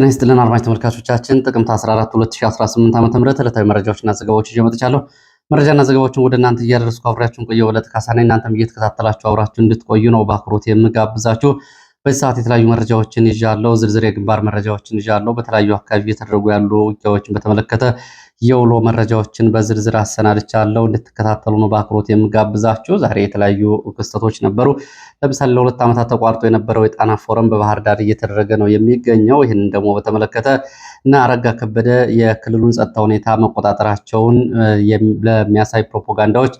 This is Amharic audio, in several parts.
ጤና ይስጥልን አድማጭ ተመልካቾቻችን ጥቅምት 14 2018 ዓ ም ዕለታዊ መረጃዎችና ዘገባዎች ይዤ መጥቻለሁ። መረጃና ዘገባዎችን ወደ እናንተ እያደረስኩ አብሬያችሁን ቆየሁ በዕለት ካሳኔ። እናንተም እየተከታተላችሁ አብራችሁ እንድትቆዩ ነው በአክብሮት የምጋብዛችሁ። በዚህ ሰዓት የተለያዩ መረጃዎችን ይዣለሁ። ዝርዝር የግንባር መረጃዎችን ይዣለሁ። በተለያዩ አካባቢ እየተደረጉ ያሉ ውጊያዎችን በተመለከተ የውሎ መረጃዎችን በዝርዝር አሰናድቻለሁ እንድትከታተሉ ነው በአክብሮት የምጋብዛችሁ። ዛሬ የተለያዩ ክስተቶች ነበሩ። ለምሳሌ ለሁለት ዓመታት ተቋርጦ የነበረው የጣና ፎረም በባህር ዳር እየተደረገ ነው የሚገኘው። ይህንን ደግሞ በተመለከተ እና አረጋ ከበደ የክልሉን ጸጥታ ሁኔታ መቆጣጠራቸውን ለሚያሳይ ፕሮፓጋንዳዎች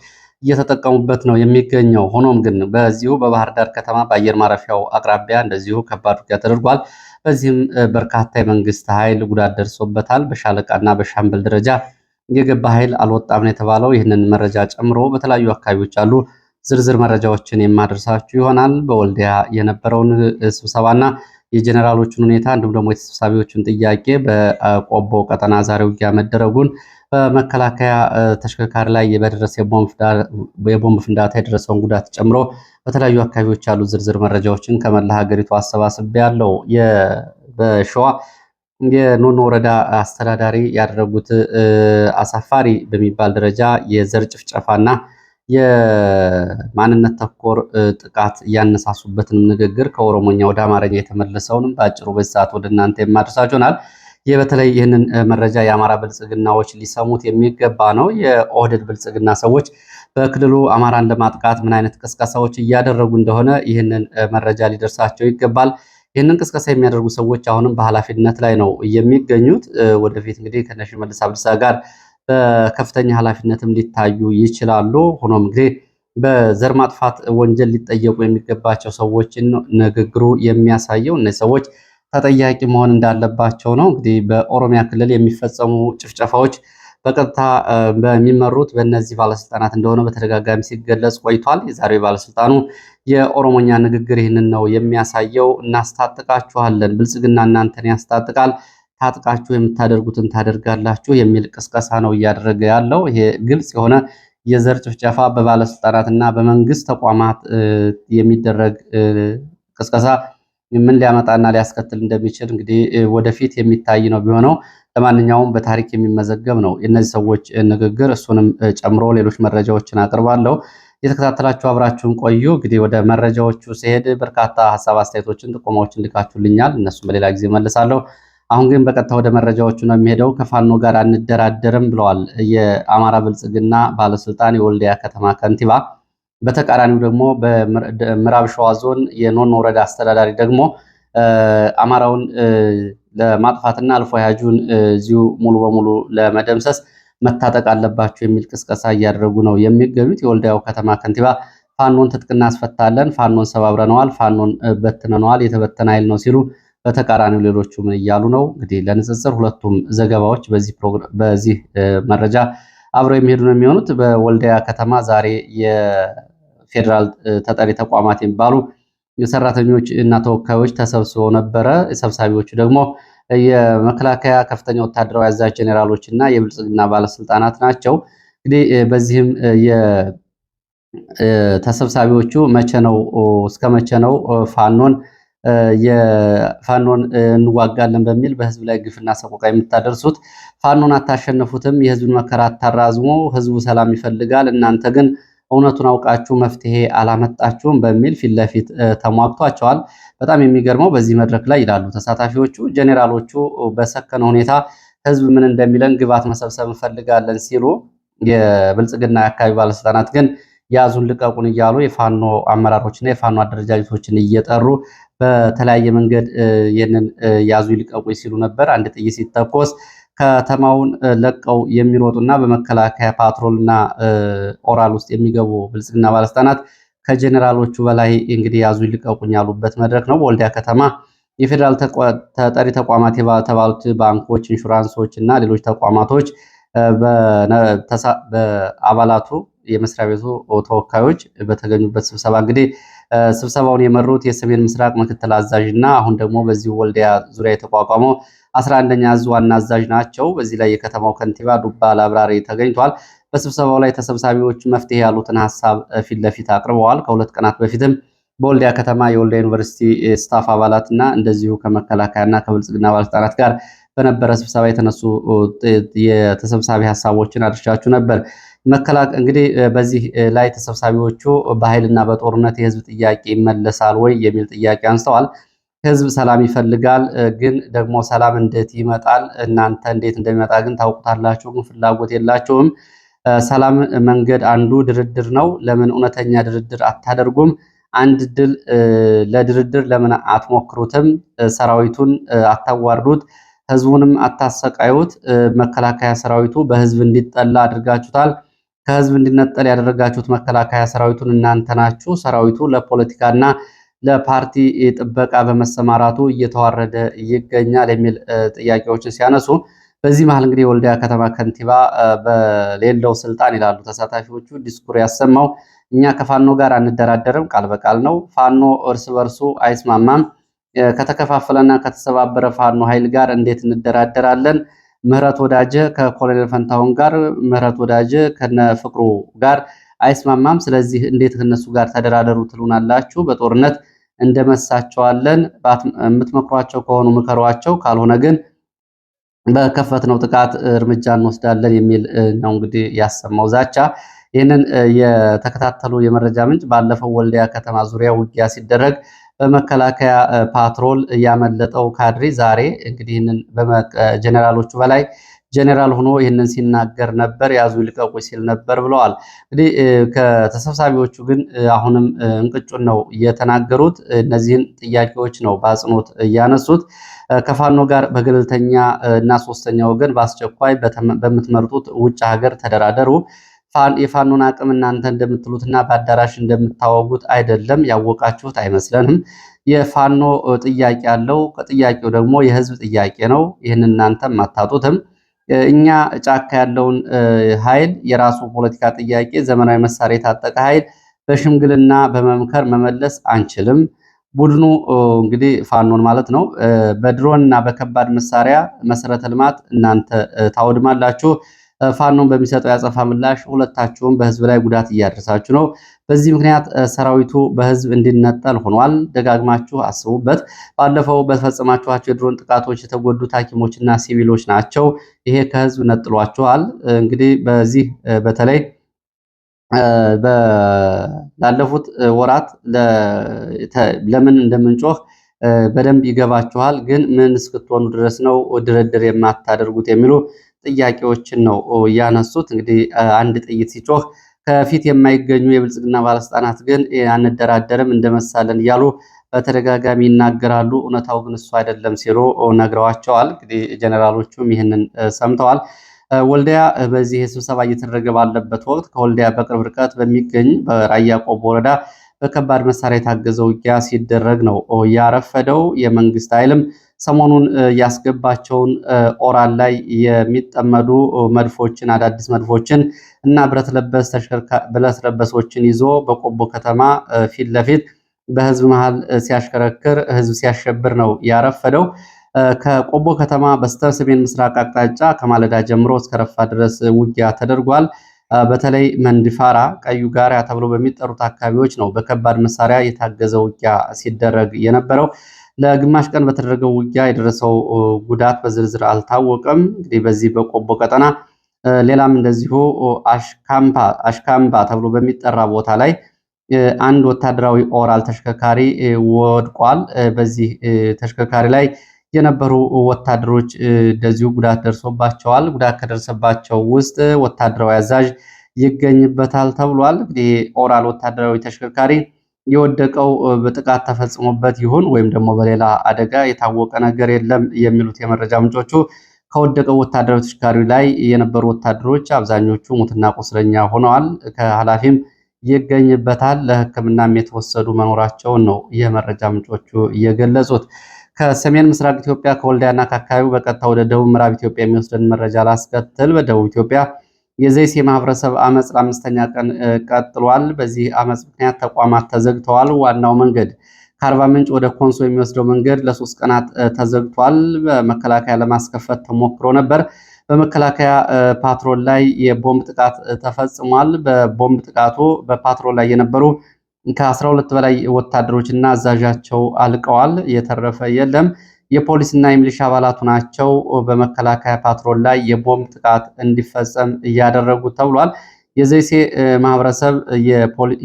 እየተጠቀሙበት ነው የሚገኘው። ሆኖም ግን በዚሁ በባህር ዳር ከተማ በአየር ማረፊያው አቅራቢያ እንደዚሁ ከባድ ውጊያ ተደርጓል። በዚህም በርካታ የመንግስት ኃይል ጉዳት ደርሶበታል። በሻለቃና በሻምበል ደረጃ የገባ ኃይል አልወጣም ነው የተባለው። ይህንን መረጃ ጨምሮ በተለያዩ አካባቢዎች ያሉ ዝርዝር መረጃዎችን የማደርሳችሁ ይሆናል። በወልዲያ የነበረውን ስብሰባና የጀኔራሎችን ሁኔታ እንዲሁም ደግሞ የተሰብሳቢዎችን ጥያቄ በቆቦ ቀጠና ዛሬ ውጊያ መደረጉን በመከላከያ ተሽከርካሪ ላይ በደረሰ የቦምብ ፍንዳታ የደረሰውን ጉዳት ጨምሮ በተለያዩ አካባቢዎች ያሉ ዝርዝር መረጃዎችን ከመላ ሀገሪቱ አሰባስብ ያለው በሸዋ የኖኖ ወረዳ አስተዳዳሪ ያደረጉት አሳፋሪ በሚባል ደረጃ የዘር ጭፍጨፋና የማንነት ተኮር ጥቃት እያነሳሱበትንም ንግግር ከኦሮሞኛ ወደ አማርኛ የተመለሰውንም በአጭሩ በዚህ ሰዓት ወደ እናንተ የማደርሳችሁናል። ይህ በተለይ ይህንን መረጃ የአማራ ብልጽግናዎች ሊሰሙት የሚገባ ነው። የኦህደድ ብልጽግና ሰዎች በክልሉ አማራን ለማጥቃት ምን አይነት ቅስቀሳዎች እያደረጉ እንደሆነ ይህንን መረጃ ሊደርሳቸው ይገባል። ይህንን ቅስቀሳ የሚያደርጉ ሰዎች አሁንም በኃላፊነት ላይ ነው የሚገኙት። ወደፊት እንግዲህ ከነ አብዲሳ ጋር በከፍተኛ ኃላፊነትም ሊታዩ ይችላሉ። ሆኖም እንግዲህ በዘር ማጥፋት ወንጀል ሊጠየቁ የሚገባቸው ሰዎችን ንግግሩ የሚያሳየው እነዚህ ሰዎች ተጠያቂ መሆን እንዳለባቸው ነው። እንግዲህ በኦሮሚያ ክልል የሚፈጸሙ ጭፍጨፋዎች በቀጥታ በሚመሩት በእነዚህ ባለስልጣናት እንደሆነ በተደጋጋሚ ሲገለጽ ቆይቷል። የዛሬው ባለስልጣኑ የኦሮሞኛ ንግግር ይህንን ነው የሚያሳየው። እናስታጥቃችኋለን፣ ብልጽግና እናንተን ያስታጥቃል ታጥቃችሁ የምታደርጉትን ታደርጋላችሁ የሚል ቅስቀሳ ነው እያደረገ ያለው። ይሄ ግልጽ የሆነ የዘር ጭፍጨፋ በባለስልጣናት እና በመንግስት ተቋማት የሚደረግ ቅስቀሳ ምን ሊያመጣና ሊያስከትል እንደሚችል እንግዲህ ወደፊት የሚታይ ነው ቢሆነው ለማንኛውም በታሪክ የሚመዘገብ ነው የእነዚህ ሰዎች ንግግር። እሱንም ጨምሮ ሌሎች መረጃዎችን አቅርባለሁ። የተከታተላችሁ አብራችሁን ቆዩ። እንግዲህ ወደ መረጃዎቹ ሲሄድ በርካታ ሀሳብ አስተያየቶችን፣ ጥቆማዎችን ልካችሁልኛል። እነሱም በሌላ ጊዜ መልሳለሁ። አሁን ግን በቀጥታ ወደ መረጃዎቹ ነው የሚሄደው። ከፋኖ ጋር አንደራደርም ብለዋል የአማራ ብልጽግና ባለስልጣን የወልዲያ ከተማ ከንቲባ። በተቃራኒው ደግሞ በምዕራብ ሸዋ ዞን የኖኖ ወረዳ አስተዳዳሪ ደግሞ አማራውን ለማጥፋትና አልፎ ያጁን እዚሁ ሙሉ በሙሉ ለመደምሰስ መታጠቅ አለባቸው የሚል ቅስቀሳ እያደረጉ ነው የሚገኙት። የወልዲያው ከተማ ከንቲባ ፋኖን ትጥቅ እናስፈታለን፣ ፋኖን ሰባብረነዋል፣ ፋኖን በትነነዋል፣ የተበተነ ኃይል ነው ሲሉ በተቃራኒው ሌሎቹ ምን እያሉ ነው? እንግዲህ ለንጽጽር ሁለቱም ዘገባዎች በዚህ መረጃ አብረው የሚሄዱ ነው የሚሆኑት። በወልዲያ ከተማ ዛሬ የፌዴራል ተጠሪ ተቋማት የሚባሉ የሰራተኞች እና ተወካዮች ተሰብስበው ነበረ። ሰብሳቢዎቹ ደግሞ የመከላከያ ከፍተኛ ወታደራዊ አዛዥ ጄኔራሎች እና የብልጽግና ባለስልጣናት ናቸው። እንግዲህ በዚህም ተሰብሳቢዎቹ መቼ ነው እስከ መቼ ነው ፋኖን የፋኖን እንዋጋለን በሚል በህዝብ ላይ ግፍና ሰቆቃ የምታደርሱት ፋኖን አታሸንፉትም። የህዝብን መከራ አታራዝሞ ህዝቡ ሰላም ይፈልጋል። እናንተ ግን እውነቱን አውቃችሁ መፍትሄ አላመጣችሁም በሚል ፊት ለፊት ተሟግቷቸዋል። በጣም የሚገርመው በዚህ መድረክ ላይ ይላሉ ተሳታፊዎቹ፣ ጄኔራሎቹ በሰከነ ሁኔታ ህዝብ ምን እንደሚለን ግባት መሰብሰብ እንፈልጋለን ሲሉ፣ የብልጽግና የአካባቢ ባለስልጣናት ግን ያዙን ልቀቁን እያሉ የፋኖ አመራሮችና የፋኖ አደረጃጀቶችን እየጠሩ በተለያየ መንገድ ይህንን ያዙ ይልቀቁ ሲሉ ነበር። አንድ ጥይት ሲተኮስ ከተማውን ለቀው የሚሮጡና በመከላከያ ፓትሮልና ኦራል ውስጥ የሚገቡ ብልጽግና ባለስልጣናት ከጀኔራሎቹ በላይ እንግዲህ ያዙ ይልቀቁኝ ያሉበት መድረክ ነው። በወልዲያ ከተማ የፌዴራል ተጠሪ ተቋማት የተባሉት ባንኮች፣ ኢንሹራንሶች እና ሌሎች ተቋማቶች በአባላቱ የመስሪያ ቤቱ ተወካዮች በተገኙበት ስብሰባ እንግዲህ ስብሰባውን የመሩት የሰሜን ምስራቅ ምክትል አዛዥ እና አሁን ደግሞ በዚህ ወልዲያ ዙሪያ የተቋቋመው አስራ አንደኛ እዝ ዋና አዛዥ ናቸው። በዚህ ላይ የከተማው ከንቲባ ዱባ ላብራሪ ተገኝቷል። በስብሰባው ላይ ተሰብሳቢዎች መፍትሄ ያሉትን ሀሳብ ፊት ለፊት አቅርበዋል። ከሁለት ቀናት በፊትም በወልዲያ ከተማ የወልዲያ ዩኒቨርሲቲ ስታፍ አባላት እና እንደዚሁ ከመከላከያና ከብልጽግና ባለስልጣናት ጋር በነበረ ስብሰባ የተነሱ የተሰብሳቢ ሀሳቦችን አድርሻችሁ ነበር። እንግዲህ በዚህ ላይ ተሰብሳቢዎቹ በኃይልና በጦርነት የህዝብ ጥያቄ ይመለሳል ወይ የሚል ጥያቄ አንስተዋል። ህዝብ ሰላም ይፈልጋል፣ ግን ደግሞ ሰላም እንዴት ይመጣል? እናንተ እንዴት እንደሚመጣ ግን ታውቁታላችሁ፣ ግን ፍላጎት የላችሁም። ሰላም መንገድ አንዱ ድርድር ነው። ለምን እውነተኛ ድርድር አታደርጉም? አንድ ድል ለድርድር ለምን አትሞክሩትም? ሰራዊቱን አታዋርዱት፣ ህዝቡንም አታሰቃዩት። መከላከያ ሰራዊቱ በህዝብ እንዲጠላ አድርጋችሁታል። ከህዝብ እንዲነጠል ያደረጋችሁት መከላከያ ሰራዊቱን እናንተ ናችሁ። ሰራዊቱ ለፖለቲካና ለፓርቲ ጥበቃ በመሰማራቱ እየተዋረደ ይገኛል የሚል ጥያቄዎችን ሲያነሱ በዚህ መሀል እንግዲህ የወልዲያ ከተማ ከንቲባ በሌለው ስልጣን ይላሉ ተሳታፊዎቹ ዲስኩር ያሰማው እኛ ከፋኖ ጋር አንደራደርም፣ ቃል በቃል ነው። ፋኖ እርስ በርሱ አይስማማም። ከተከፋፈለና ከተሰባበረ ፋኖ ኃይል ጋር እንዴት እንደራደራለን? ምህረት ወዳጀ ከኮሎኔል ፈንታሁን ጋር ምህረት ወዳጀ ፍቅሩ ጋር አይስማማም። ስለዚህ እንዴት ከነሱ ጋር ተደራደሩ ትሉናላችሁ? በጦርነት እንደመሳቸዋለን። የምትመክሯቸው ከሆኑ ምከሯቸው፣ ካልሆነ ግን በከፈትነው ጥቃት እርምጃ እንወስዳለን የሚል ነው እንግዲህ ያሰማው ዛቻ። ይህንን የተከታተሉ የመረጃ ምንጭ ባለፈው ወልዲያ ከተማ ዙሪያ ውጊያ ሲደረግ በመከላከያ ፓትሮል ያመለጠው ካድሪ ዛሬ እንግዲህ ይህንን ጀኔራሎቹ በላይ ጀኔራል ሆኖ ይህንን ሲናገር ነበር። ያዙ ይልቀቁ ሲል ነበር ብለዋል። እንግዲህ ከተሰብሳቢዎቹ ግን አሁንም እንቅጩን ነው እየተናገሩት እነዚህን ጥያቄዎች ነው በአጽንኦት እያነሱት ከፋኖ ጋር በገለልተኛ እና ሶስተኛ ወገን በአስቸኳይ በምትመርጡት ውጭ ሀገር ተደራደሩ የፋኖን አቅም እናንተ እንደምትሉትና በአዳራሽ እንደምታወጉት አይደለም። ያወቃችሁት አይመስለንም። የፋኖ ጥያቄ አለው። ከጥያቄው ደግሞ የህዝብ ጥያቄ ነው። ይህን እናንተም አታጡትም። እኛ ጫካ ያለውን ኃይል የራሱ ፖለቲካ ጥያቄ፣ ዘመናዊ መሳሪያ የታጠቀ ኃይል በሽምግልና በመምከር መመለስ አንችልም። ቡድኑ እንግዲህ ፋኖን ማለት ነው። በድሮን እና በከባድ መሳሪያ መሰረተ ልማት እናንተ ታወድማላችሁ። ፋኖን በሚሰጠው ያጸፋ ምላሽ ሁለታችሁም በህዝብ ላይ ጉዳት እያደረሳችሁ ነው። በዚህ ምክንያት ሰራዊቱ በህዝብ እንዲነጠል ሆኗል። ደጋግማችሁ አስቡበት። ባለፈው በተፈጸማችኋቸው የድሮን ጥቃቶች የተጎዱት ሐኪሞችና ሲቪሎች ናቸው። ይሄ ከህዝብ ነጥሏችኋል። እንግዲህ በዚህ በተለይ ላለፉት ወራት ለምን እንደምንጮህ በደንብ ይገባችኋል። ግን ምን እስክትሆኑ ድረስ ነው ድርድር የማታደርጉት የሚሉ ጥያቄዎችን ነው ያነሱት። እንግዲህ አንድ ጥይት ሲጮህ ከፊት የማይገኙ የብልጽግና ባለስልጣናት ግን አንደራደርም እንደመሳለን እያሉ በተደጋጋሚ ይናገራሉ። እውነታው ግን እሱ አይደለም ሲሉ ነግረዋቸዋል። እንግዲህ ጀኔራሎቹም ይህንን ሰምተዋል። ወልዲያ በዚህ ስብሰባ እየተደረገ ባለበት ወቅት ከወልዲያ በቅርብ ርቀት በሚገኝ በራያ ቆቦ ወረዳ በከባድ መሳሪያ የታገዘ ውጊያ ሲደረግ ነው ያረፈደው። የመንግስት ኃይልም ሰሞኑን ያስገባቸውን ኦራል ላይ የሚጠመዱ መድፎችን አዳዲስ መድፎችን እና ብረት ለበሶችን ይዞ በቆቦ ከተማ ፊት ለፊት በህዝብ መሃል ሲያሽከረክር ህዝብ ሲያሸብር ነው ያረፈደው። ከቆቦ ከተማ በስተ ሰሜን ምስራቅ አቅጣጫ ከማለዳ ጀምሮ እስከ ረፋ ድረስ ውጊያ ተደርጓል። በተለይ መንድፋራ ቀዩ ጋራ ተብሎ በሚጠሩት አካባቢዎች ነው በከባድ መሳሪያ የታገዘ ውጊያ ሲደረግ የነበረው። ለግማሽ ቀን በተደረገው ውጊያ የደረሰው ጉዳት በዝርዝር አልታወቀም። እንግዲህ በዚህ በቆቦ ቀጠና ሌላም እንደዚሁ አሽካምባ ተብሎ በሚጠራ ቦታ ላይ አንድ ወታደራዊ ኦራል ተሽከርካሪ ወድቋል። በዚህ ተሽከርካሪ ላይ የነበሩ ወታደሮች እንደዚሁ ጉዳት ደርሶባቸዋል። ጉዳት ከደረሰባቸው ውስጥ ወታደራዊ አዛዥ ይገኝበታል ተብሏል። እንግዲህ ኦራል ወታደራዊ ተሽከርካሪ የወደቀው በጥቃት ተፈጽሞበት ይሁን ወይም ደግሞ በሌላ አደጋ የታወቀ ነገር የለም የሚሉት የመረጃ ምንጮቹ ከወደቀው ወታደራዊ ተሽከርካሪ ላይ የነበሩ ወታደሮች አብዛኞቹ ሙትና ቁስለኛ ሆነዋል። ከኃላፊም ይገኝበታል ለሕክምናም የተወሰዱ መኖራቸውን ነው የመረጃ ምንጮቹ የገለጹት። ከሰሜን ምስራቅ ኢትዮጵያ ከወልዲያና ከአካባቢው በቀጥታ ወደ ደቡብ ምዕራብ ኢትዮጵያ የሚወስደን መረጃ ላስከትል። በደቡብ ኢትዮጵያ የዘይሴ የማህበረሰብ አመፅ ለአምስተኛ ቀን ቀጥሏል። በዚህ አመፅ ምክንያት ተቋማት ተዘግተዋል። ዋናው መንገድ ከአርባ ምንጭ ወደ ኮንሶ የሚወስደው መንገድ ለሶስት ቀናት ተዘግቷል። በመከላከያ ለማስከፈት ተሞክሮ ነበር። በመከላከያ ፓትሮል ላይ የቦምብ ጥቃት ተፈጽሟል። በቦምብ ጥቃቱ በፓትሮል ላይ የነበሩ ከ12 በላይ ወታደሮች እና አዛዣቸው አልቀዋል። የተረፈ የለም። የፖሊስና የሚሊሻ አባላቱ ናቸው በመከላከያ ፓትሮል ላይ የቦምብ ጥቃት እንዲፈጸም እያደረጉ ተብሏል። የዘይሴ ማህበረሰብ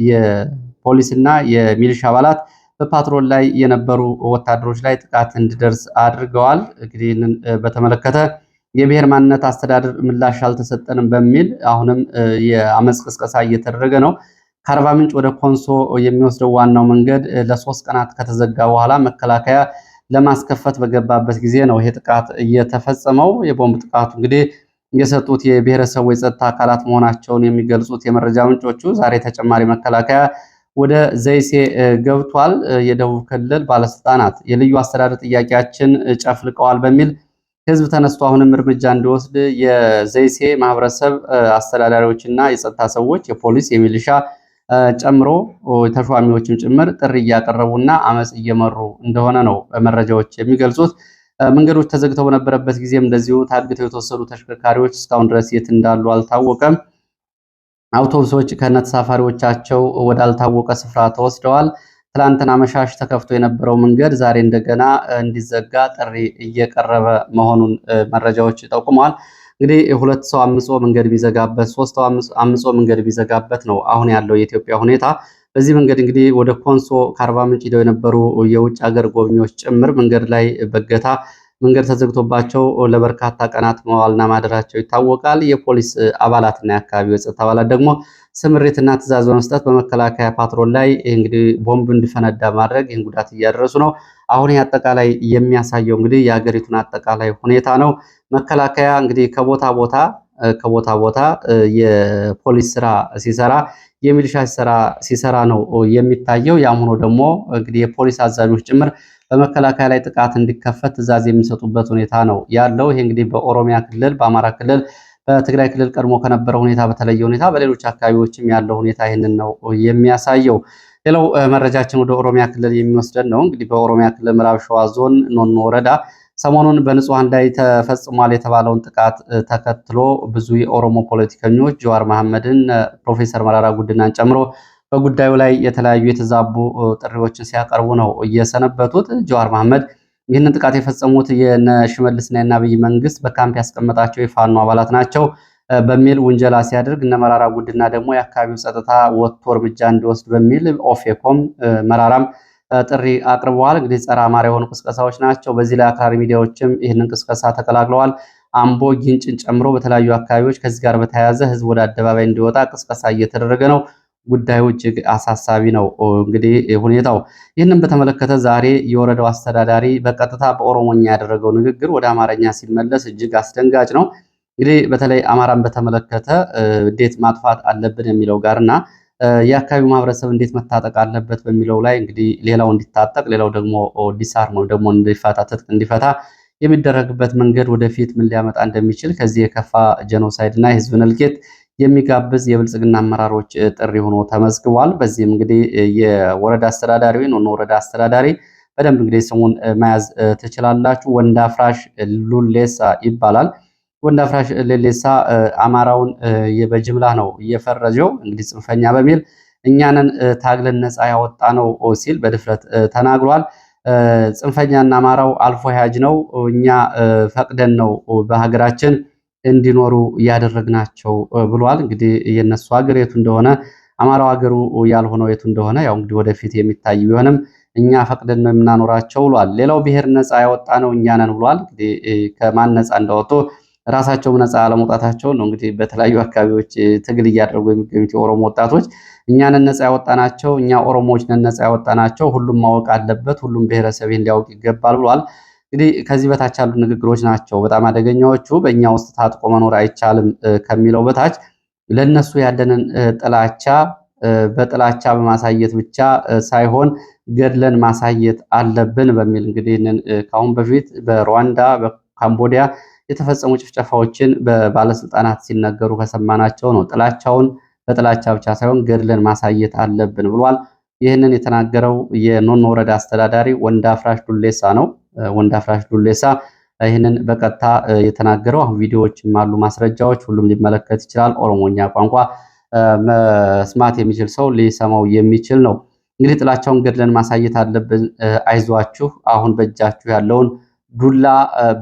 የፖሊስና የሚሊሻ አባላት በፓትሮል ላይ የነበሩ ወታደሮች ላይ ጥቃት እንዲደርስ አድርገዋል። እንግዲህ በተመለከተ የብሔር ማንነት አስተዳደር ምላሽ አልተሰጠንም በሚል አሁንም የአመፅ ቅስቀሳ እየተደረገ ነው። ከአርባ ምንጭ ወደ ኮንሶ የሚወስደው ዋናው መንገድ ለሶስት ቀናት ከተዘጋ በኋላ መከላከያ ለማስከፈት በገባበት ጊዜ ነው ይሄ ጥቃት እየተፈጸመው። የቦምብ ጥቃቱ እንግዲህ የሰጡት የብሔረሰቡ የጸጥታ አካላት መሆናቸውን የሚገልጹት የመረጃ ምንጮቹ ዛሬ ተጨማሪ መከላከያ ወደ ዘይሴ ገብቷል። የደቡብ ክልል ባለስልጣናት የልዩ አስተዳደር ጥያቄያችን ጨፍልቀዋል በሚል ህዝብ ተነስቶ አሁንም እርምጃ እንዲወስድ የዘይሴ ማህበረሰብ አስተዳዳሪዎችና የጸጥታ ሰዎች፣ የፖሊስ፣ የሚሊሻ ጨምሮ ተሿሚዎችም ጭምር ጥሪ እያቀረቡና አመፅ እየመሩ እንደሆነ ነው መረጃዎች የሚገልጹት። መንገዶች ተዘግተው በነበረበት ጊዜም እንደዚሁ ታግተው የተወሰዱ ተሽከርካሪዎች እስካሁን ድረስ የት እንዳሉ አልታወቀም። አውቶቡሶች ከነተሳፋሪዎቻቸው ወዳልታወቀ ስፍራ ተወስደዋል። ትላንትና አመሻሽ ተከፍቶ የነበረው መንገድ ዛሬ እንደገና እንዲዘጋ ጥሪ እየቀረበ መሆኑን መረጃዎች ጠቁመዋል። እንግዲህ ሁለት ሰው አምጾ መንገድ ቢዘጋበት፣ ሶስት ሰው አምጾ መንገድ ቢዘጋበት ነው አሁን ያለው የኢትዮጵያ ሁኔታ። በዚህ መንገድ እንግዲህ ወደ ኮንሶ ከአርባ ምንጭ ሂደው የነበሩ የውጭ ሀገር ጎብኚዎች ጭምር መንገድ ላይ በገታ መንገድ ተዘግቶባቸው ለበርካታ ቀናት መዋልና ማደራቸው ይታወቃል። የፖሊስ አባላትና የአካባቢው የጸጥታ አባላት ደግሞ ስምሪትና ትዕዛዝ በመስጠት በመከላከያ ፓትሮል ላይ እንግዲህ ቦምብ እንዲፈነዳ ማድረግ ይህን ጉዳት እያደረሱ ነው። አሁን አጠቃላይ የሚያሳየው እንግዲህ የሀገሪቱን አጠቃላይ ሁኔታ ነው። መከላከያ እንግዲህ ከቦታ ቦታ ከቦታ ቦታ የፖሊስ ስራ ሲሰራ የሚሊሻ ስራ ሲሰራ ነው የሚታየው። ያም ሆኖ ደግሞ እንግዲህ የፖሊስ አዛዦች ጭምር በመከላከያ ላይ ጥቃት እንዲከፈት ትዕዛዝ የሚሰጡበት ሁኔታ ነው ያለው። ይሄ እንግዲህ በኦሮሚያ ክልል፣ በአማራ ክልል፣ በትግራይ ክልል ቀድሞ ከነበረው ሁኔታ በተለየ ሁኔታ በሌሎች አካባቢዎችም ያለው ሁኔታ ይህንን ነው የሚያሳየው። ሌላው መረጃችን ወደ ኦሮሚያ ክልል የሚወስደን ነው። እንግዲህ በኦሮሚያ ክልል ምዕራብ ሸዋ ዞን ኖኖ ወረዳ ሰሞኑን በንጹሐን ላይ ተፈጽሟል የተባለውን ጥቃት ተከትሎ ብዙ የኦሮሞ ፖለቲከኞች ጀዋር መሐመድን፣ ፕሮፌሰር መራራ ጉድናን ጨምሮ በጉዳዩ ላይ የተለያዩ የተዛቡ ጥሪዎችን ሲያቀርቡ ነው እየሰነበቱት። ጀዋር መሐመድ ይህንን ጥቃት የፈጸሙት የነ ሽመልስና የነ አብይ መንግስት በካምፕ ያስቀመጣቸው የፋኖ አባላት ናቸው በሚል ውንጀላ ሲያደርግ እነ መራራ ጉድና ደግሞ የአካባቢው ጸጥታ ወጥቶ እርምጃ እንዲወስድ በሚል ኦፌኮም መራራም ጥሪ አቅርበዋል። እንግዲህ ጸረ አማራ የሆኑ ቅስቀሳዎች ናቸው። በዚህ ላይ አክራሪ ሚዲያዎችም ይህንን ቅስቀሳ ተቀላቅለዋል። አምቦ ጊንጭን ጨምሮ በተለያዩ አካባቢዎች ከዚህ ጋር በተያያዘ ህዝብ ወደ አደባባይ እንዲወጣ ቅስቀሳ እየተደረገ ነው። ጉዳዩ እጅግ አሳሳቢ ነው። እንግዲህ ሁኔታው ይህንን በተመለከተ ዛሬ የወረዳው አስተዳዳሪ በቀጥታ በኦሮሞኛ ያደረገው ንግግር ወደ አማርኛ ሲመለስ እጅግ አስደንጋጭ ነው። እንግዲህ በተለይ አማራን በተመለከተ እንዴት ማጥፋት አለብን የሚለው ጋር እና የአካባቢው ማህበረሰብ እንዴት መታጠቅ አለበት በሚለው ላይ እንግዲህ ሌላው እንዲታጠቅ ሌላው ደግሞ ዲሳር ወይም ደግሞ እንዲፈታ ትጥቅ እንዲፈታ የሚደረግበት መንገድ ወደፊት ምን ሊያመጣ እንደሚችል ከዚህ የከፋ ጀኖሳይድ እና የህዝብን እልቂት የሚጋብዝ የብልጽግና አመራሮች ጥሪ ሆኖ ተመዝግቧል። በዚህም እንግዲህ የወረዳ አስተዳዳሪ ወይም ወረዳ አስተዳዳሪ በደንብ እንግዲህ ስሙን መያዝ ትችላላችሁ። ወንድ አፍራሽ ሉሌሳ ይባላል። ወንድ አፍራሽ ሌሌሳ አማራውን በጅምላ ነው እየፈረጀው እንግዲህ ጽንፈኛ በሚል እኛንን ታግለን ነፃ ያወጣ ነው ሲል በድፍረት ተናግሯል። ጽንፈኛና አማራው አልፎ ያጅ ነው እኛ ፈቅደን ነው በሀገራችን እንዲኖሩ እያደረግናቸው ብሏል። እንግዲህ የነሱ ሀገር የቱ እንደሆነ አማራው ሀገሩ ያልሆነው የቱ እንደሆነ ያው እንግዲህ ወደፊት የሚታይ ቢሆንም እኛ ፈቅደን ነው የምናኖራቸው ብሏል። ሌላው ብሔር ነፃ ያወጣ ነው እኛንን ብሏል። እንግዲህ ከማን ነፃ እንዳወጡ ራሳቸውም ነፃ አለመውጣታቸውን ነው እንግዲህ በተለያዩ አካባቢዎች ትግል እያደረጉ የሚገኙት የኦሮሞ ወጣቶች። እኛን ነፃ ናቸው፣ እኛ ኦሮሞዎች ነን ነፃ ያወጣናቸው፣ ሁሉም ማወቅ አለበት፣ ሁሉም ብሔረሰብ ሊያውቅ ይገባል ብሏል። እንግዲህ ከዚህ በታች ያሉ ንግግሮች ናቸው በጣም አደገኛዎቹ። በእኛ ውስጥ ታጥቆ መኖር አይቻልም ከሚለው በታች ለነሱ ያለንን ጥላቻ በጥላቻ በማሳየት ብቻ ሳይሆን ገድለን ማሳየት አለብን በሚል እንግዲህ ከአሁን በፊት በሩዋንዳ በካምቦዲያ የተፈጸሙ ጭፍጨፋዎችን በባለስልጣናት ሲነገሩ ከሰማናቸው ነው። ጥላቻውን በጥላቻ ብቻ ሳይሆን ገድለን ማሳየት አለብን ብሏል። ይህንን የተናገረው የኖኖ ወረዳ አስተዳዳሪ ወንዳፍራሽ ዱሌሳ ነው። ወንዳፍራሽ ዱሌሳ ይህንን በቀጥታ የተናገረው አሁን ቪዲዮዎችም አሉ፣ ማስረጃዎች፣ ሁሉም ሊመለከት ይችላል። ኦሮሞኛ ቋንቋ መስማት የሚችል ሰው ሊሰማው የሚችል ነው። እንግዲህ ጥላቻውን ገድለን ማሳየት አለብን። አይዟችሁ፣ አሁን በእጃችሁ ያለውን ዱላ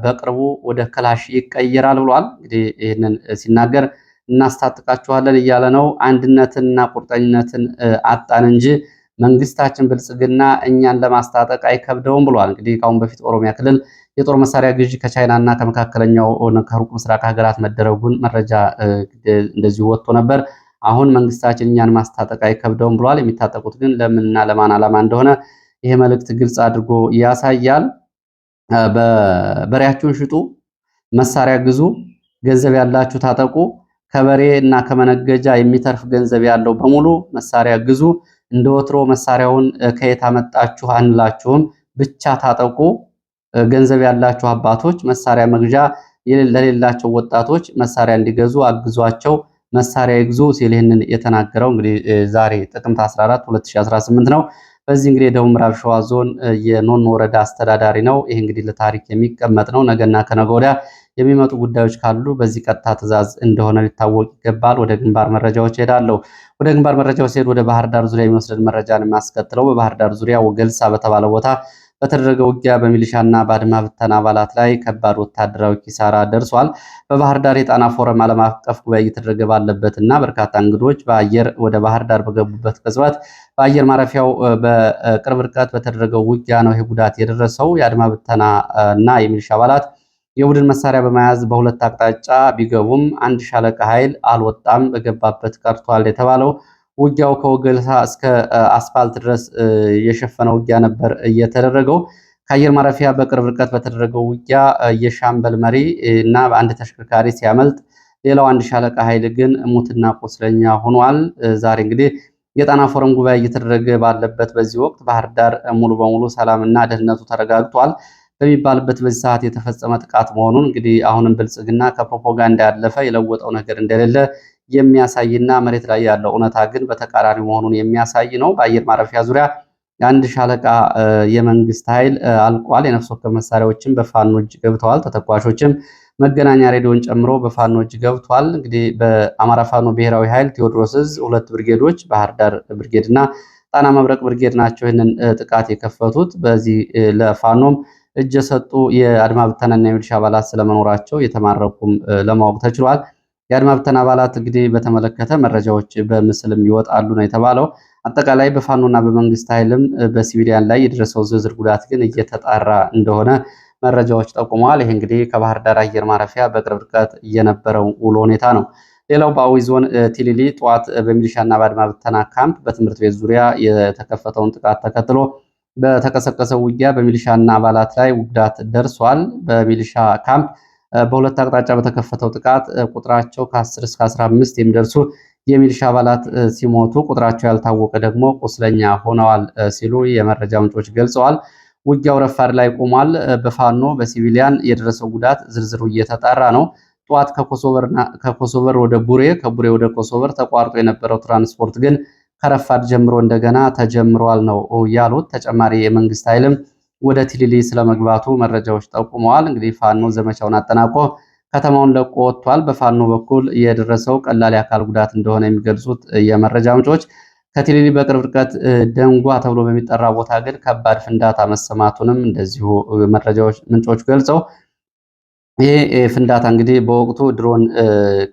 በቅርቡ ወደ ክላሽ ይቀየራል ብሏል። እንግዲህ ይህንን ሲናገር እናስታጥቃችኋለን እያለ ነው። አንድነትንና ቁርጠኝነትን አጣን እንጂ መንግስታችን ብልጽግና እኛን ለማስታጠቅ አይከብደውም ብሏል። እንግዲህ ከአሁን በፊት ኦሮሚያ ክልል የጦር መሳሪያ ግዥ ከቻይና እና ከመካከለኛው ከሩቅ ምስራቅ ሀገራት መደረጉን መረጃ እንደዚሁ ወጥቶ ነበር። አሁን መንግስታችን እኛን ማስታጠቅ አይከብደውም ብሏል። የሚታጠቁት ግን ለምንና ለማን ዓላማ እንደሆነ ይሄ መልእክት ግልጽ አድርጎ ያሳያል። በሬያችሁን ሽጡ፣ መሳሪያ ግዙ፣ ገንዘብ ያላችሁ ታጠቁ፣ ከበሬ እና ከመነገጃ የሚተርፍ ገንዘብ ያለው በሙሉ መሳሪያ ግዙ፣ እንደ ወትሮ መሳሪያውን ከየት አመጣችሁ አንላችሁም፣ ብቻ ታጠቁ። ገንዘብ ያላችሁ አባቶች መሳሪያ መግዣ ለሌላቸው ወጣቶች መሳሪያ እንዲገዙ አግዟቸው፣ መሳሪያ ይግዙ ሲል ይህንን የተናገረው እንግዲህ ዛሬ ጥቅምት 14 2018 ነው። በዚህ እንግዲህ የደቡብ ምዕራብ ሸዋ ዞን የኖኖ ወረዳ አስተዳዳሪ ነው። ይህ እንግዲህ ለታሪክ የሚቀመጥ ነው። ነገና ከነገ ወዲያ የሚመጡ ጉዳዮች ካሉ በዚህ ቀጥታ ትእዛዝ እንደሆነ ሊታወቅ ይገባል። ወደ ግንባር መረጃዎች ሄዳለሁ። ወደ ግንባር መረጃዎች ሲሄድ ወደ ባህር ዳር ዙሪያ የሚወስደን መረጃን የሚያስከትለው በባህር ዳር ዙሪያ ወገልሳ በተባለ ቦታ በተደረገው ውጊያ በሚሊሻና በአድማ ብተና አባላት ላይ ከባድ ወታደራዊ ኪሳራ ደርሷል። በባህር ዳር የጣና ፎረም ዓለም አቀፍ ጉባኤ እየተደረገ እና በርካታ እንግዶች በአየር ወደ ባህር ዳር በገቡበት ቅጽበት በአየር ማረፊያው በቅርብ ርቀት በተደረገው ውጊያ ነው ይህ ጉዳት የደረሰው። የአድማ ብተና እና የሚሊሻ አባላት የቡድን መሳሪያ በመያዝ በሁለት አቅጣጫ ቢገቡም አንድ ሻለቃ ኃይል አልወጣም፣ በገባበት ቀርቷል የተባለው ውጊያው ከወገልሳ እስከ አስፋልት ድረስ የሸፈነ ውጊያ ነበር እየተደረገው። ከአየር ማረፊያ በቅርብ ርቀት በተደረገው ውጊያ የሻምበል መሪ እና በአንድ ተሽከርካሪ ሲያመልጥ፣ ሌላው አንድ ሻለቃ ኃይል ግን ሙትና ቁስለኛ ሆኗል። ዛሬ እንግዲህ የጣና ፎረም ጉባኤ እየተደረገ ባለበት በዚህ ወቅት ባህር ዳር ሙሉ በሙሉ ሰላምና ደህንነቱ ተረጋግጧል በሚባልበት በዚህ ሰዓት የተፈጸመ ጥቃት መሆኑን እንግዲህ አሁንም ብልጽግና ከፕሮፓጋንዳ ያለፈ የለወጠው ነገር እንደሌለ የሚያሳይና መሬት ላይ ያለው እውነታ ግን በተቃራኒ መሆኑን የሚያሳይ ነው። በአየር ማረፊያ ዙሪያ አንድ ሻለቃ የመንግስት ኃይል አልቋል። የነፍስ ወከፍ መሳሪያዎችም በፋኖ እጅ ገብተዋል። ተተኳሾችም መገናኛ ሬዲዮን ጨምሮ በፋኖ እጅ ገብቷል። እንግዲህ በአማራ ፋኖ ብሔራዊ ኃይል ቴዎድሮስ እዝ ሁለት ብርጌዶች ባህር ዳር ብርጌድ እና ጣና መብረቅ ብርጌድ ናቸው ይህንን ጥቃት የከፈቱት። በዚህ ለፋኖም እጅ የሰጡ የአድማ ብተናና የሚሊሻ አባላት ስለመኖራቸው የተማረኩም ለማወቅ ተችሏል። የአድማ አባላት እንግዲህ በተመለከተ መረጃዎች በምስልም ይወጣሉ ነው የተባለው። አጠቃላይ በፋኖና በመንግስት ኃይልም በሲቪሊያን ላይ የደረሰው ዝርዝር ጉዳት ግን እየተጣራ እንደሆነ መረጃዎች ጠቁመዋል። ይህ እንግዲህ ከባህር ዳር አየር ማረፊያ በቅርብ ርቀት እየነበረው ውሎ ሁኔታ ነው። ሌላው በአዊ ዞን ቲሊሊ ጠዋት በሚሊሻና በአድማ ብተና ካምፕ በትምህርት ቤት ዙሪያ የተከፈተውን ጥቃት ተከትሎ በተቀሰቀሰው ውጊያ በሚሊሻና አባላት ላይ ጉዳት ደርሷል። በሚሊሻ ካምፕ በሁለት አቅጣጫ በተከፈተው ጥቃት ቁጥራቸው ከ10 እስከ 15 የሚደርሱ የሚሊሻ አባላት ሲሞቱ ቁጥራቸው ያልታወቀ ደግሞ ቁስለኛ ሆነዋል ሲሉ የመረጃ ምንጮች ገልጸዋል። ውጊያው ረፋድ ላይ ቆሟል። በፋኖ በሲቪሊያን የደረሰው ጉዳት ዝርዝሩ እየተጣራ ነው። ጠዋት ከኮሶቨር ወደ ቡሬ፣ ከቡሬ ወደ ኮሶቨር ተቋርጦ የነበረው ትራንስፖርት ግን ከረፋድ ጀምሮ እንደገና ተጀምሯል ነው ያሉት። ተጨማሪ የመንግስት ኃይልም ወደ ቲሊሊ ስለመግባቱ መረጃዎች ጠቁመዋል። እንግዲህ ፋኖ ዘመቻውን አጠናቆ ከተማውን ለቆ ወጥቷል። በፋኖ በኩል የደረሰው ቀላል የአካል ጉዳት እንደሆነ የሚገልጹት የመረጃ ምንጮች ከቲሊሊ በቅርብ ርቀት ደንጓ ተብሎ በሚጠራ ቦታ ግን ከባድ ፍንዳታ መሰማቱንም እንደዚሁ መረጃዎች ምንጮች ገልጸው ይህ ፍንዳታ እንግዲህ በወቅቱ ድሮን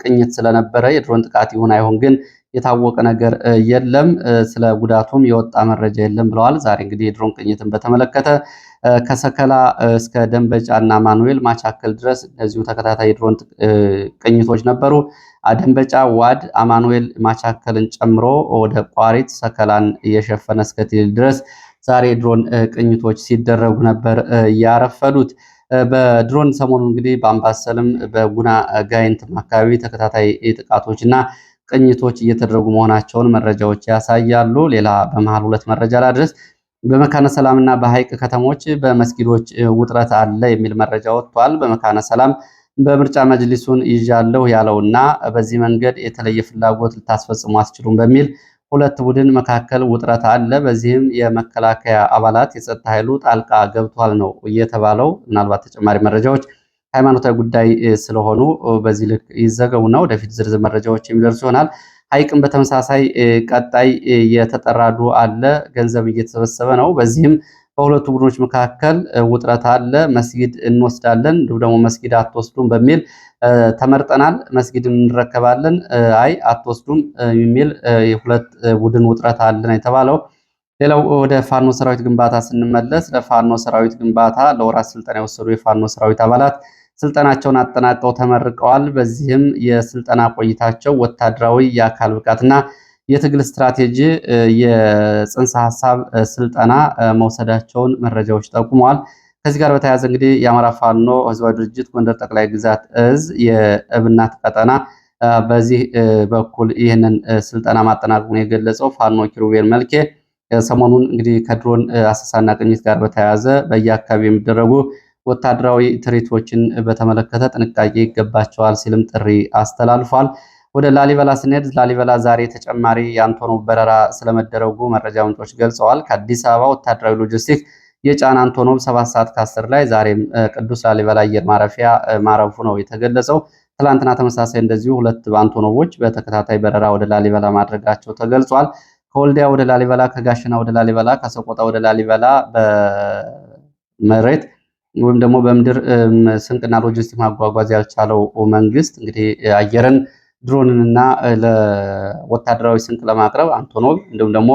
ቅኝት ስለነበረ የድሮን ጥቃት ይሁን አይሁን ግን የታወቀ ነገር የለም፣ ስለ ጉዳቱም የወጣ መረጃ የለም ብለዋል። ዛሬ እንግዲህ የድሮን ቅኝትን በተመለከተ ከሰከላ እስከ ደንበጫ እና ማኑዌል ማቻከል ድረስ እነዚሁ ተከታታይ የድሮን ቅኝቶች ነበሩ። ደንበጫ፣ ዋድ፣ አማኑኤል ማቻከልን ጨምሮ ወደ ቋሪት ሰከላን እየሸፈነ እስከ ትል ድረስ ዛሬ የድሮን ቅኝቶች ሲደረጉ ነበር ያረፈዱት። በድሮን ሰሞኑ እንግዲህ በአምባሰልም በጉና ጋይንትም አካባቢ ተከታታይ ጥቃቶች እና ቅኝቶች እየተደረጉ መሆናቸውን መረጃዎች ያሳያሉ። ሌላ በመሃል ሁለት መረጃ ላድረስ። በመካነ ሰላምና በሐይቅ ከተሞች በመስጊዶች ውጥረት አለ የሚል መረጃ ወጥቷል። በመካነ ሰላም በምርጫ መጅሊሱን ይዣለሁ ያለውና በዚህ መንገድ የተለየ ፍላጎት ልታስፈጽሙ አትችሉም በሚል ሁለት ቡድን መካከል ውጥረት አለ። በዚህም የመከላከያ አባላት የጸጥታ ኃይሉ ጣልቃ ገብቷል ነው እየተባለው። ምናልባት ተጨማሪ መረጃዎች ሃይማኖታዊ ጉዳይ ስለሆኑ በዚህ ልክ ይዘገቡና ወደፊት ዝርዝር መረጃዎች የሚደርሱ ይሆናል። ሐይቅም በተመሳሳይ ቀጣይ የተጠራዱ አለ፣ ገንዘብ እየተሰበሰበ ነው። በዚህም በሁለቱ ቡድኖች መካከል ውጥረት አለ። መስጊድ እንወስዳለን እንዲሁም ደግሞ መስጊድ አትወስዱም በሚል ተመርጠናል፣ መስጊድ እንረከባለን፣ አይ አትወስዱም የሚል የሁለት ቡድን ውጥረት አለን የተባለው። ሌላው ወደ ፋኖ ሰራዊት ግንባታ ስንመለስ ለፋኖ ሰራዊት ግንባታ ለወራት ስልጠና የወሰዱ የፋኖ ሰራዊት አባላት ስልጠናቸውን አጠናቀው ተመርቀዋል። በዚህም የስልጠና ቆይታቸው ወታደራዊ የአካል ብቃትና የትግል ስትራቴጂ የጽንሰ ሀሳብ ስልጠና መውሰዳቸውን መረጃዎች ጠቁመዋል። ከዚህ ጋር በተያያዘ እንግዲህ የአማራ ፋኖ ህዝባዊ ድርጅት ጎንደር ጠቅላይ ግዛት እዝ የእብናት ቀጠና በዚህ በኩል ይህንን ስልጠና ማጠናቀቁን የገለጸው ፋኖ ኪሩቤል መልኬ ሰሞኑን እንግዲህ ከድሮን አሰሳና ቅኝት ጋር በተያያዘ በየአካባቢ የሚደረጉ ወታደራዊ ትርኢቶችን በተመለከተ ጥንቃቄ ይገባቸዋል ሲልም ጥሪ አስተላልፏል። ወደ ላሊበላ ስንሄድ ላሊበላ ዛሬ ተጨማሪ የአንቶኖቭ በረራ ስለመደረጉ መረጃ ምንጮች ገልጸዋል። ከአዲስ አበባ ወታደራዊ ሎጂስቲክ የጫን አንቶኖቭ ሰባት ሰዓት ከአስር ላይ ዛሬም ቅዱስ ላሊበላ አየር ማረፊያ ማረፉ ነው የተገለጸው። ትላንትና ተመሳሳይ እንደዚሁ ሁለት አንቶኖቮች በተከታታይ በረራ ወደ ላሊበላ ማድረጋቸው ተገልጿል። ከወልዲያ ወደ ላሊበላ፣ ከጋሽና ወደ ላሊበላ፣ ከሰቆጣ ወደ ላሊበላ በመሬት ወይም ደግሞ በምድር ስንቅና ሎጂስቲክ ማጓጓዝ ያልቻለው መንግስት እንግዲህ አየርን ድሮንንና ለወታደራዊ ስንቅ ለማቅረብ አንቶኖቭ እንዲሁም ደግሞ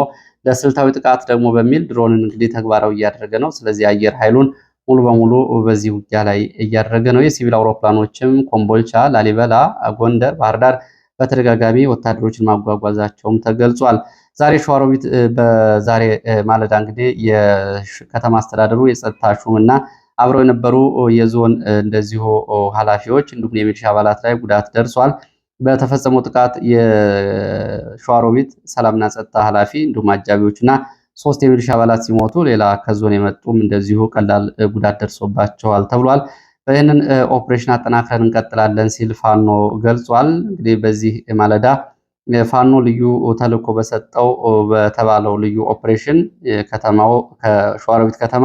ለስልታዊ ጥቃት ደግሞ በሚል ድሮንን እንግዲህ ተግባራዊ እያደረገ ነው። ስለዚህ አየር ኃይሉን ሙሉ በሙሉ በዚህ ውጊያ ላይ እያደረገ ነው። የሲቪል አውሮፕላኖችም ኮምቦልቻ፣ ላሊበላ፣ ጎንደር፣ ባህር ዳር በተደጋጋሚ ወታደሮችን ማጓጓዛቸውም ተገልጿል። ዛሬ ሸዋሮቢት በዛሬ ማለዳ እንግዲህ የከተማ አስተዳደሩ የጸጥታ ሹምና አብረው የነበሩ የዞን እንደዚሁ ኃላፊዎች እንዲሁም የሚሊሻ አባላት ላይ ጉዳት ደርሷል። በተፈጸመው ጥቃት የሸዋሮቢት ሰላምና ጸጥታ ኃላፊ እንዲሁም አጃቢዎችና ሶስት የሚሊሻ አባላት ሲሞቱ ሌላ ከዞን የመጡም እንደዚሁ ቀላል ጉዳት ደርሶባቸዋል ተብሏል። ይህንን ኦፕሬሽን አጠናክረን እንቀጥላለን ሲል ፋኖ ገልጿል። እንግዲህ በዚህ ማለዳ ፋኖ ልዩ ተልዕኮ በሰጠው በተባለው ልዩ ኦፕሬሽን ከተማው ከሸዋሮቢት ከተማ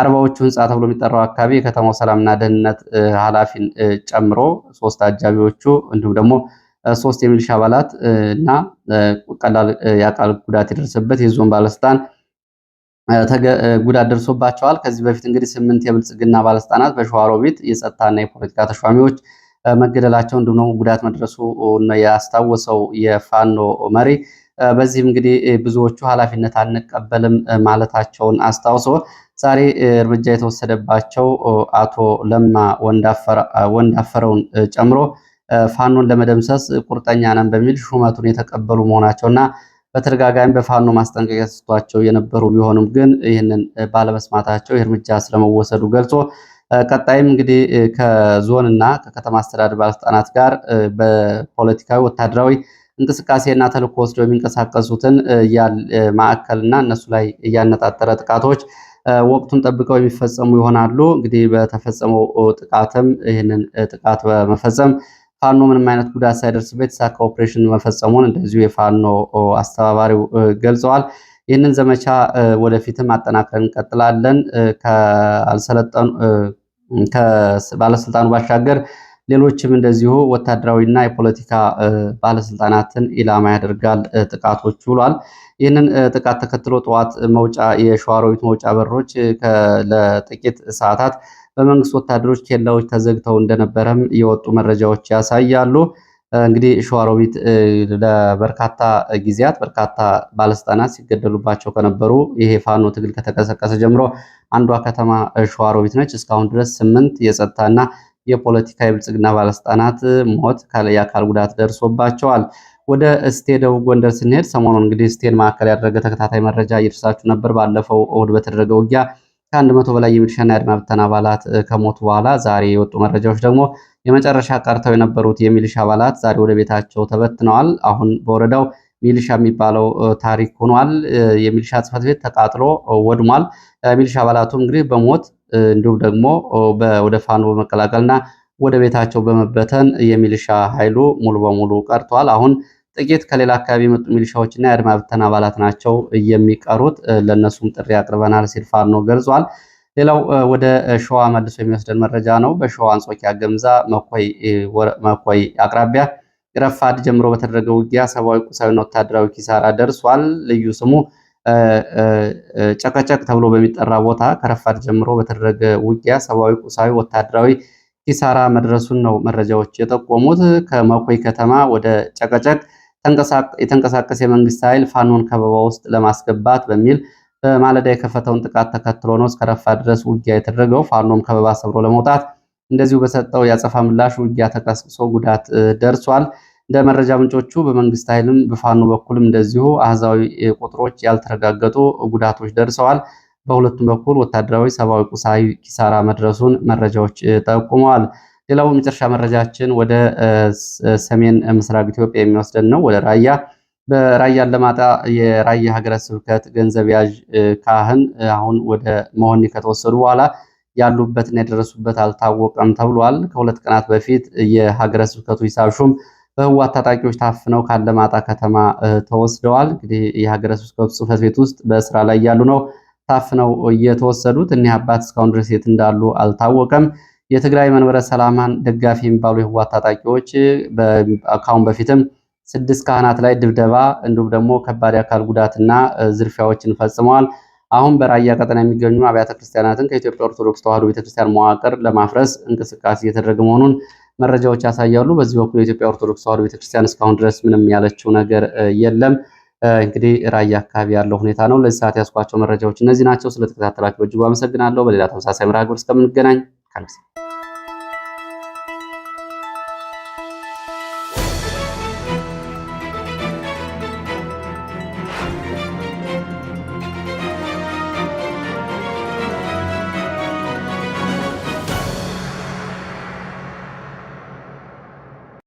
አርባዎቹ ህንፃ ተብሎ የሚጠራው አካባቢ የከተማው ሰላምና ደህንነት ኃላፊን ጨምሮ ሶስት አጃቢዎቹ እንዲሁም ደግሞ ሶስት የሚሊሻ አባላት እና ቀላል የአካል ጉዳት የደረሰበት የዞን ባለስልጣን ጉዳት ደርሶባቸዋል። ከዚህ በፊት እንግዲህ ስምንት የብልጽግና ባለስልጣናት በሸዋሮቢት የጸጥታና የፖለቲካ ተሿሚዎች መገደላቸው እንዲሁም ደግሞ ጉዳት መድረሱ ያስታወሰው የፋኖ መሪ በዚህም እንግዲህ ብዙዎቹ ኃላፊነት አንቀበልም ማለታቸውን አስታውሶ ዛሬ እርምጃ የተወሰደባቸው አቶ ለማ ወንዳፈረውን ጨምሮ ፋኖን ለመደምሰስ ቁርጠኛ ነን በሚል ሹመቱን የተቀበሉ መሆናቸውና በተደጋጋሚ በፋኖ ማስጠንቀቂያ ተሰጥቷቸው የነበሩ ቢሆንም ግን ይህንን ባለመስማታቸው የእርምጃ ስለመወሰዱ ገልጾ ቀጣይም እንግዲህ ከዞንና ከከተማ አስተዳደር ባለስልጣናት ጋር በፖለቲካዊ፣ ወታደራዊ እንቅስቃሴና ተልኮ ወስደው የሚንቀሳቀሱትን ማዕከልና እነሱ ላይ እያነጣጠረ ጥቃቶች ወቅቱን ጠብቀው የሚፈጸሙ ይሆናሉ። እንግዲህ በተፈጸመው ጥቃትም ይህንን ጥቃት በመፈጸም ፋኖ ምንም አይነት ጉዳት ሳይደርስበት የተሳካ ኦፕሬሽን መፈጸሙን እንደዚሁ የፋኖ አስተባባሪው ገልጸዋል። ይህንን ዘመቻ ወደፊትም አጠናክረን እንቀጥላለን። ባለስልጣኑ ባሻገር ሌሎችም እንደዚሁ ወታደራዊና የፖለቲካ ባለስልጣናትን ኢላማ ያደርጋል ጥቃቶች ውሏል። ይህንን ጥቃት ተከትሎ ጠዋት መውጫ የሸዋሮቢት መውጫ በሮች ለጥቂት ሰዓታት በመንግስት ወታደሮች ኬላዎች ተዘግተው እንደነበረም የወጡ መረጃዎች ያሳያሉ። እንግዲህ ሸዋሮቢት ለበርካታ ጊዜያት በርካታ ባለስልጣናት ሲገደሉባቸው ከነበሩ ይሄ ፋኖ ትግል ከተቀሰቀሰ ጀምሮ አንዷ ከተማ ሸዋሮቢት ነች። እስካሁን ድረስ ስምንት የጸጥታና የፖለቲካ የብልጽግና ባለስልጣናት ሞት የአካል ጉዳት ደርሶባቸዋል። ወደ እስቴ ደቡብ ጎንደር ስንሄድ ሰሞኑን እንግዲህ እስቴን ማዕከል ያደረገ ተከታታይ መረጃ እየደርሳችሁ ነበር። ባለፈው እሁድ በተደረገ ውጊያ ከአንድ መቶ በላይ የሚሊሻና የአድማ ብተና አባላት ከሞቱ በኋላ ዛሬ የወጡ መረጃዎች ደግሞ የመጨረሻ ቀርተው የነበሩት የሚሊሻ አባላት ዛሬ ወደ ቤታቸው ተበትነዋል። አሁን በወረዳው ሚሊሻ የሚባለው ታሪክ ሆኗል። የሚሊሻ ጽፈት ቤት ተቃጥሎ ወድሟል። ሚልሻ አባላቱ እንግዲህ በሞት እንዲሁም ደግሞ ወደ ፋኖ በመቀላቀልና ወደ ቤታቸው በመበተን የሚሊሻ ኃይሉ ሙሉ በሙሉ ቀርቷል። አሁን ጥቂት ከሌላ አካባቢ የመጡ ሚሊሻዎችና የአድማ ብተን አባላት ናቸው የሚቀሩት። ለእነሱም ጥሪ አቅርበናል ሲል ፋኖ ገልጿል። ሌላው ወደ ሸዋ መልሶ የሚወስደን መረጃ ነው። በሸዋ አንጾኪያ ገምዛ መኮይ አቅራቢያ ረፋድ ጀምሮ በተደረገ ውጊያ ሰብአዊ፣ ቁሳዊና ወታደራዊ ኪሳራ ደርሷል። ልዩ ስሙ ጨቀጨቅ ተብሎ በሚጠራ ቦታ ከረፋድ ጀምሮ በተደረገ ውጊያ ሰብአዊ፣ ቁሳዊ፣ ወታደራዊ ኪሳራ መድረሱን ነው መረጃዎች የጠቆሙት። ከመኮይ ከተማ ወደ ጨቀጨቅ የተንቀሳቀሰ የመንግስት ኃይል ፋኖን ከበባ ውስጥ ለማስገባት በሚል በማለዳ የከፈተውን ጥቃት ተከትሎ ነው እስከ ረፋድ ድረስ ውጊያ የተደረገው። ፋኖም ከበባ ሰብሮ ለመውጣት እንደዚሁ በሰጠው የአጸፋ ምላሽ ውጊያ ተቀስቅሶ ጉዳት ደርሷል። እንደ መረጃ ምንጮቹ በመንግስት ኃይልም በፋኖ በኩልም እንደዚሁ አህዛዊ ቁጥሮች ያልተረጋገጡ ጉዳቶች ደርሰዋል። በሁለቱም በኩል ወታደራዊ፣ ሰብአዊ፣ ቁሳዊ ኪሳራ መድረሱን መረጃዎች ጠቁመዋል። ሌላው መጨረሻ መረጃችን ወደ ሰሜን ምስራቅ ኢትዮጵያ የሚወስደን ነው፣ ወደ ራያ። በራያ አላማጣ የራያ ሀገረ ስብከት ገንዘብ ያዥ ካህን አሁን ወደ መሆኒ ከተወሰዱ በኋላ ያሉበትና የደረሱበት አልታወቀም ተብሏል። ከሁለት ቀናት በፊት የሀገረ ስብከቱ ሂሳብ ሹም በህወሓት ታጣቂዎች ታፍነው ካለማጣ ከተማ ተወስደዋል። እንግዲህ የሀገረ ስብከቱ ጽሕፈት ቤት ውስጥ በስራ ላይ ያሉ ነው ታፍነው እየተወሰዱት። እኒህ አባት እስካሁን ድረስ የት እንዳሉ አልታወቀም። የትግራይ መንበረ ሰላማን ደጋፊ የሚባሉ የህወሓት ታጣቂዎች ከአሁን በፊትም ስድስት ካህናት ላይ ድብደባ እንዲሁም ደግሞ ከባድ አካል ጉዳትና ዝርፊያዎችን ፈጽመዋል። አሁን በራያ ቀጠና የሚገኙ አብያተ ክርስቲያናትን ከኢትዮጵያ ኦርቶዶክስ ተዋሕዶ ቤተክርስቲያን መዋቅር ለማፍረስ እንቅስቃሴ እየተደረገ መሆኑን መረጃዎች ያሳያሉ። በዚህ በኩል የኢትዮጵያ ኦርቶዶክስ ተዋህዶ ቤተክርስቲያን እስካሁን ድረስ ምንም ያለችው ነገር የለም። እንግዲህ ራያ አካባቢ ያለው ሁኔታ ነው። ለዚህ ሰዓት ያስኳቸው መረጃዎች እነዚህ ናቸው። ስለተከታተላችሁ በእጅጉ አመሰግናለሁ። በሌላ ተመሳሳይ መርሃ ግብር እስከምንገናኝ